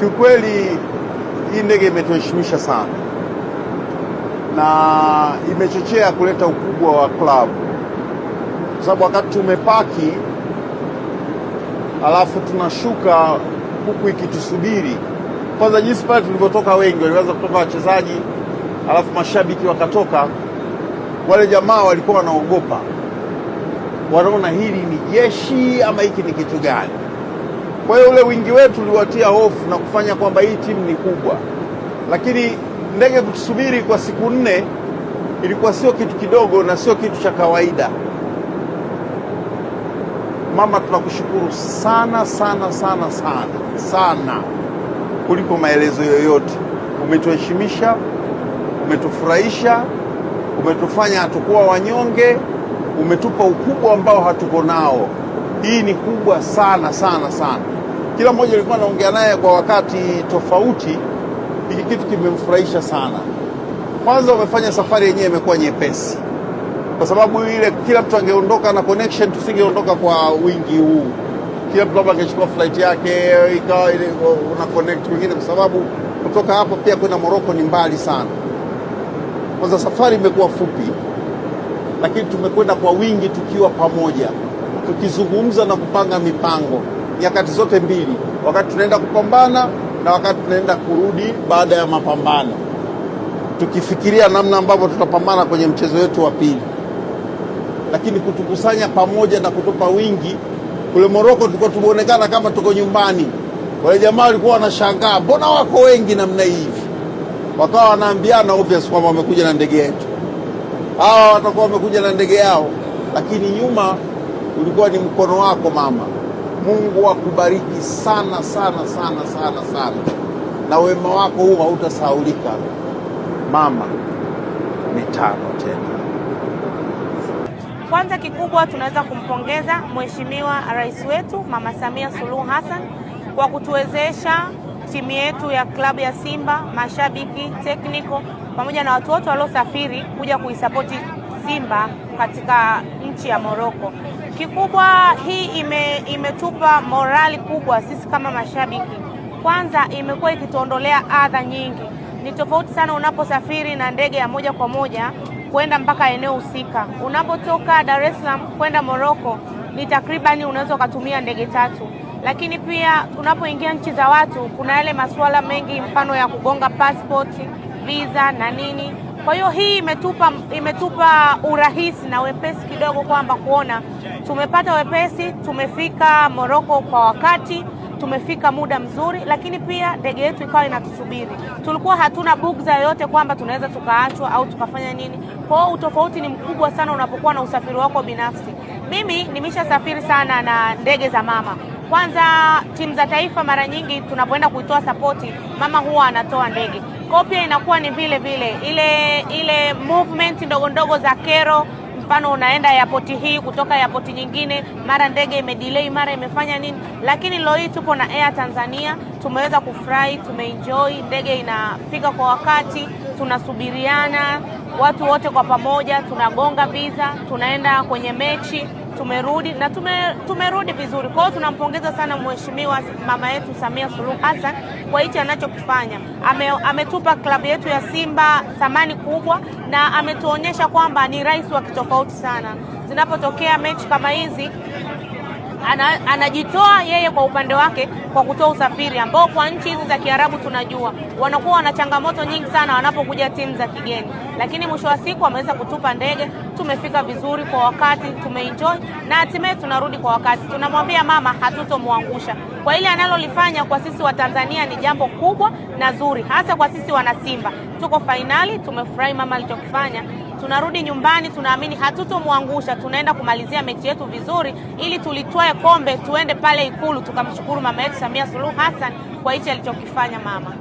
Kiukweli hii ndege imetuheshimisha sana na imechochea kuleta ukubwa wa klabu, kwa sababu wakati tumepaki alafu tunashuka huku ikitusubiri. Kwanza jinsi pale tulivyotoka, wengi waliweza kutoka wachezaji, alafu mashabiki wakatoka. Wale jamaa walikuwa wanaogopa, wanaona hili ni jeshi ama hiki ni kitu gani? Kwa hiyo ule wingi wetu uliwatia hofu na kufanya kwamba hii timu ni kubwa, lakini ndege kutusubiri kwa siku nne ilikuwa sio kitu kidogo na sio kitu cha kawaida. Mama, tunakushukuru sana sana sana sana sana kuliko maelezo yoyote. Umetuheshimisha, umetufurahisha, umetufanya hatukuwa wanyonge, umetupa ukubwa ambao hatuko nao. Hii ni kubwa sana sana sana kila mmoja alikuwa anaongea naye kwa wakati tofauti. Hiki kitu kimemfurahisha sana. Kwanza umefanya safari yenyewe imekuwa nyepesi, kwa sababu ile kila mtu angeondoka na connection, tusingeondoka kwa wingi huu. Kila mtu labda angechukua flight yake ikawa ile una connect wengine, kwa sababu kutoka hapo pia kwenda Morocco ni mbali sana. Kwanza safari imekuwa fupi, lakini tumekwenda kwa wingi tukiwa pamoja, tukizungumza na kupanga mipango nyakati zote mbili, wakati tunaenda kupambana na wakati tunaenda kurudi baada ya mapambano, tukifikiria namna ambavyo tutapambana kwenye mchezo wetu wa pili, lakini kutukusanya pamoja na kutupa wingi. Kule Moroko tulikuwa tumeonekana kama tuko nyumbani. Wale jamaa walikuwa wanashangaa, mbona wako wengi namna hivi? Wakawa wanaambiana obvious kwamba wamekuja na ndege yetu, hawa watakuwa wamekuja na ndege yao, lakini nyuma ulikuwa ni mkono wako mama. Mungu akubariki sana sana sana sana sana, na wema wako huu hautasahaulika. Mama mitano tena. Kwanza kikubwa tunaweza kumpongeza Mheshimiwa Rais wetu Mama Samia Suluhu Hassan kwa kutuwezesha timu yetu ya klabu ya Simba, mashabiki, tekniko pamoja na watu wote waliosafiri kuja kuisapoti Simba katika nchi ya Moroko. Kikubwa hii ime, imetupa morali kubwa sisi kama mashabiki. Kwanza imekuwa ikituondolea adha nyingi. Ni tofauti sana unaposafiri na ndege ya moja kwa moja kwenda mpaka eneo husika. Unapotoka Dar es Salaam kwenda Moroko ni takribani unaweza ukatumia ndege tatu, lakini pia unapoingia nchi za watu kuna yale masuala mengi, mfano ya kugonga passport, visa na nini kwa hiyo hii imetupa, imetupa urahisi na wepesi kidogo kwamba kuona tumepata wepesi, tumefika Moroko kwa wakati, tumefika muda mzuri, lakini pia ndege yetu ikawa inatusubiri. Tulikuwa hatuna bugza yoyote kwamba tunaweza tukaachwa au tukafanya nini. Kwa hiyo utofauti ni mkubwa sana unapokuwa na usafiri wako binafsi. Mimi nimeshasafiri sana na ndege za mama kwanza timu za taifa mara nyingi tunapoenda kuitoa sapoti, mama huwa anatoa ndege kwao, pia inakuwa ni vile vile ile ile movement ndogo ndogo za kero Mfano, unaenda poti hii kutoka poti nyingine, mara ndege imedelay, mara imefanya nini. Lakini leo hii tupo na Air Tanzania, tumeweza kufurahi, tumeenjoy, ndege inafika kwa wakati, tunasubiriana watu wote kwa pamoja, tunagonga visa, tunaenda kwenye mechi tumerudi na tume, tumerudi vizuri. Kwa hiyo tunampongeza sana mheshimiwa mama yetu Samia Suluhu Hassan kwa hichi anachokifanya. Ame, ametupa klabu yetu ya Simba thamani kubwa na ametuonyesha kwamba ni rais wa kitofauti sana. Zinapotokea mechi kama hizi ana, anajitoa yeye kwa upande wake kwa kutoa usafiri ambao kwa nchi hizi za Kiarabu tunajua wanakuwa wana changamoto nyingi sana wanapokuja timu za kigeni, lakini mwisho wa siku ameweza kutupa ndege. Tumefika vizuri kwa wakati, tumeenjoy na hatimaye tunarudi kwa wakati. Tunamwambia mama hatutomwangusha kwa ile analolifanya kwa sisi Watanzania ni jambo kubwa na zuri, hasa kwa sisi Wanasimba. Tuko fainali, tumefurahi mama alichokifanya. Tunarudi nyumbani, tunaamini hatutomwangusha, tunaenda kumalizia mechi yetu vizuri, ili tulitwae kombe, tuende pale Ikulu tukamshukuru mama yetu Samia Suluhu Hassan kwa hichi alichokifanya mama.